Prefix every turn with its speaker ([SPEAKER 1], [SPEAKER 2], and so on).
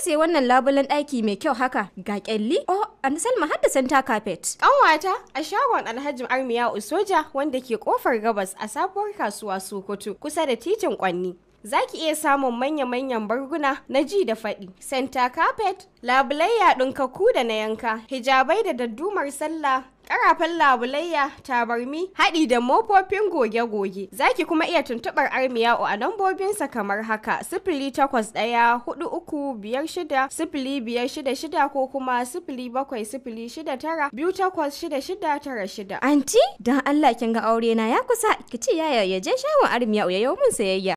[SPEAKER 1] kika wannan labulen ɗaki mai kyau haka ga kyalli? Oh, an Salma har da santa carpet. Ƙanwata a shagon Alhaji Armiya Usoja wanda ke kofar gabas a sabuwar kasuwa Sokoto kusa da titin Kwanni. za ki iya samun manya-manyan barguna na ji da faɗi, santa carpet, labulayya ɗinkakku da na yanka, hijabai da daddumar sallah, karafan labulayya tabarmi haɗi da mofofin goge-goge za ki kuma iya tuntuɓar armiya a lambobinsa kamar haka sifili takwas ɗaya hudu uku biyar shida sifili biyar shida shida ko kuma sifili bakwai sifili shida tara biyu takwas
[SPEAKER 2] shida shida tara shida.
[SPEAKER 3] anti don allah kin ga aure na ya kusa ki ce ya je shawon
[SPEAKER 4] armiya ya yau mun sayayya.